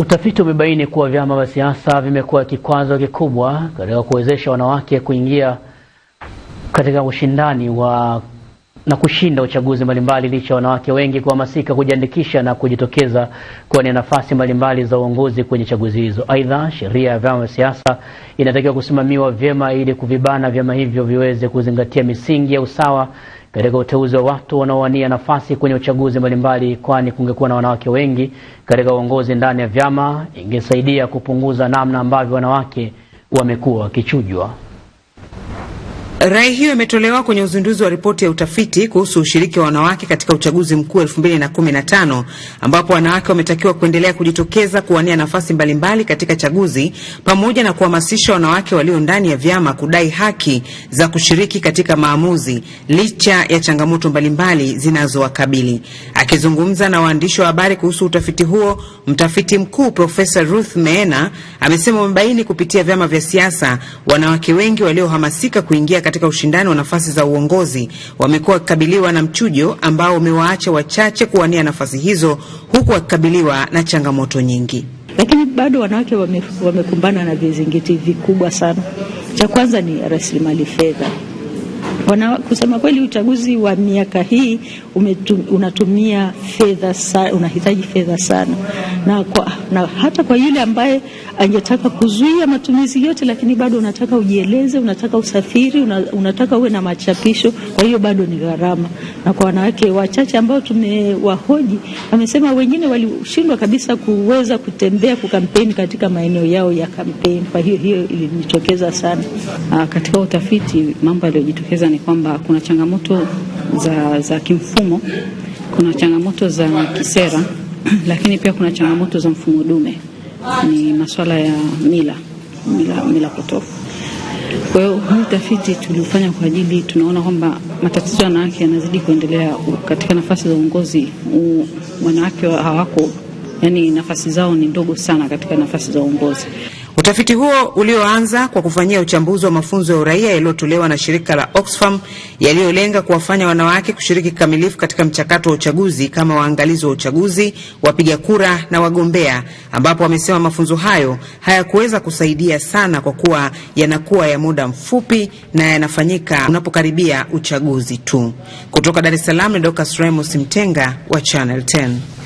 Utafiti umebaini kuwa vyama vya siasa vimekuwa kikwazo kikubwa katika kuwezesha wanawake kuingia katika ushindani wa na kushinda uchaguzi mbalimbali licha ya wanawake wengi kuhamasika kujiandikisha na kujitokeza kuwania nafasi mbalimbali za uongozi kwenye chaguzi hizo. Aidha, sheria ya vyama vya siasa inatakiwa kusimamiwa vyema ili kuvibana vyama hivyo viweze kuzingatia misingi ya usawa katika uteuzi wa watu wanaowania nafasi kwenye uchaguzi mbalimbali, kwani kungekuwa na wanawake wengi katika uongozi ndani ya vyama, ingesaidia kupunguza namna ambavyo wanawake wamekuwa wakichujwa. Rai hiyo imetolewa kwenye uzinduzi wa ripoti ya utafiti kuhusu ushiriki wa wanawake katika uchaguzi mkuu tano ambapo wanawake wametakiwa kuendelea kujitokeza kuwania nafasi mbalimbali mbali katika chaguzi pamoja na kuhamasisha wanawake walio ndani ya vyama kudai haki za kushiriki katika maamuzi licha ya changamoto mbalimbali zinazowakabili. Akizungumza na waandishi wa habari kuhusu utafiti huo, mtafiti mkuu Profesa Ruth Meena amesema wamebaini kupitia vyama vya siasa, wanawake wengi waliohamasika kuingia katika ushindani wa nafasi za uongozi wamekuwa wakikabiliwa na mchujo ambao umewaacha wachache kuwania nafasi hizo, huku wakikabiliwa na changamoto nyingi. Lakini bado wanawake wamekumbana na vizingiti vikubwa sana. Cha kwanza ni rasilimali fedha Wana, kusema kweli uchaguzi wa miaka hii umetu, unatumia fedha sana, unahitaji fedha sana na, kwa, na hata kwa yule ambaye angetaka kuzuia matumizi yote, lakini bado unataka ujieleze, unataka usafiri una, unataka uwe na machapisho, kwa hiyo bado ni gharama. Na kwa wanawake wachache ambao tumewahoji, wamesema wengine walishindwa kabisa kuweza kutembea kukampeni katika maeneo yao ya kampeni. Kwa hiyo hiyo ilinitokeza sana. Aa, ah, katika utafiti mambo yaliyojitokeza kujitokeza ni kwamba kuna changamoto za, za kimfumo, kuna changamoto za kisera, lakini pia kuna changamoto za mfumo dume, ni masuala ya mila mila, mila potofu. Kwa hiyo huu utafiti tuliofanya kwa ajili, tunaona kwamba matatizo ya wanawake yanazidi kuendelea katika nafasi za uongozi. Wanawake hawako, yani nafasi zao ni ndogo sana katika nafasi za uongozi. Utafiti huo ulioanza kwa kufanyia uchambuzi wa mafunzo ya uraia yaliyotolewa na shirika la Oxfam yaliyolenga kuwafanya wanawake kushiriki kikamilifu katika mchakato wa uchaguzi kama waangalizi wa uchaguzi, wapiga kura na wagombea, ambapo wamesema mafunzo hayo hayakuweza kusaidia sana kwa kuwa yanakuwa ya muda mfupi na yanafanyika unapokaribia uchaguzi tu. Kutoka Dar es Salaam ni Dorcas Remus Mtenga wa Channel 10.